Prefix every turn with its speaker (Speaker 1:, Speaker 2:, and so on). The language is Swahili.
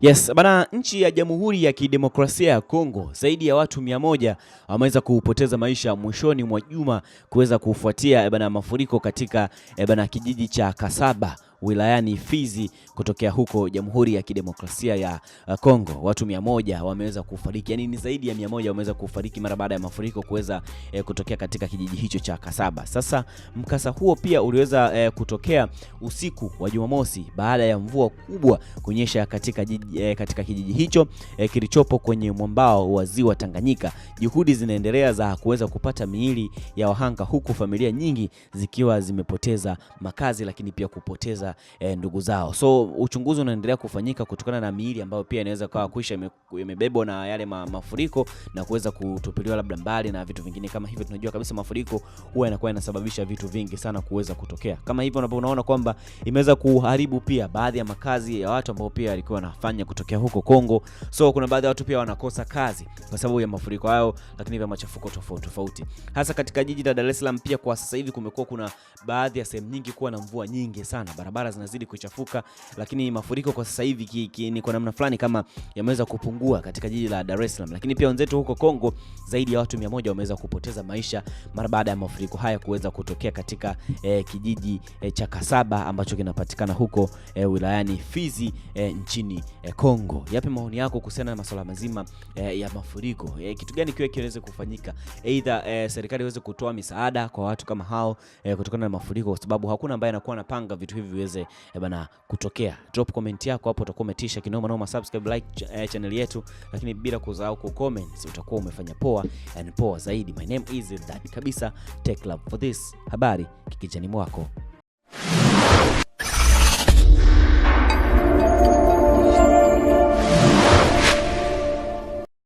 Speaker 1: Yes, bana nchi ya Jamhuri ya Kidemokrasia ya Kongo, zaidi ya watu mia moja wameweza kupoteza maisha mwishoni mwa juma kuweza kufuatia eh, bana mafuriko katika eh, bana kijiji cha Kasaba wilayani Fizi kutokea huko Jamhuri ya Kidemokrasia ya uh, Kongo. Watu mia moja wameweza kufariki, yani ni zaidi ya mia moja wameweza kufariki mara baada ya mafuriko kuweza eh, kutokea katika kijiji hicho cha Kasaba. Sasa mkasa huo pia uliweza eh, kutokea usiku wa Jumamosi baada ya mvua kubwa kunyesha katika, jiji, eh, katika kijiji hicho eh, kilichopo kwenye mwambao wa ziwa Tanganyika. Juhudi zinaendelea za kuweza kupata miili ya wahanga huku familia nyingi zikiwa zimepoteza makazi, lakini pia kupoteza kupoteza eh, e, ndugu zao. So uchunguzi unaendelea kufanyika kutokana na miili ambayo pia inaweza kawa kwisha imebebwa na yale ma, mafuriko na kuweza kutupiliwa labda mbali na vitu vingine kama hivyo. Tunajua kabisa mafuriko huwa yanakuwa yanasababisha vitu vingi sana kuweza kutokea kama hivyo, unapo unaona kwamba imeweza kuharibu pia baadhi ya makazi ya watu ambao pia walikuwa wanafanya kutokea huko Kongo. So kuna baadhi ya watu pia wanakosa kazi kwa sababu ya mafuriko hayo, lakini pia machafuko tofauti tofauti, hasa katika jiji la Dar es Salaam. Pia kwa sasa hivi kumekuwa kuna baadhi ya sehemu nyingi kuwa na mvua nyingi sana barabara barabara zinazidi kuchafuka, lakini mafuriko kwa sasa hivi ni kwa namna fulani kama yameweza kupungua katika jiji la Dar es Salaam, lakini pia wenzetu huko Kongo zaidi ya watu moja wameweza kupoteza maisha mara baada ya mafuriko haya kuweza kutokea katika eh, kijiji eh, cha Kasaba ambacho kinapatikana huko eh, wilayani Fizi eh, nchini eh, Kongo. Yapi maoni yako kuhusiana na masuala mazima eh, ya mafuriko eh, kitu gani kiwe kiweze kufanyika either eh, serikali iweze kutoa misaada kwa watu kama hao eh, kutokana na mafuriko, kwa sababu hakuna ambaye anakuwa anapanga vitu hivi iweze eh, bana kutokea. Drop comment yako hapo, utakuwa umetisha kinoma noma. Subscribe, like eh, channel yetu, lakini bila kusahau ku comments, utakuwa umefanya poa and poa zaidi. My name is that kabisa, take love for this. Habari kikijani mwako.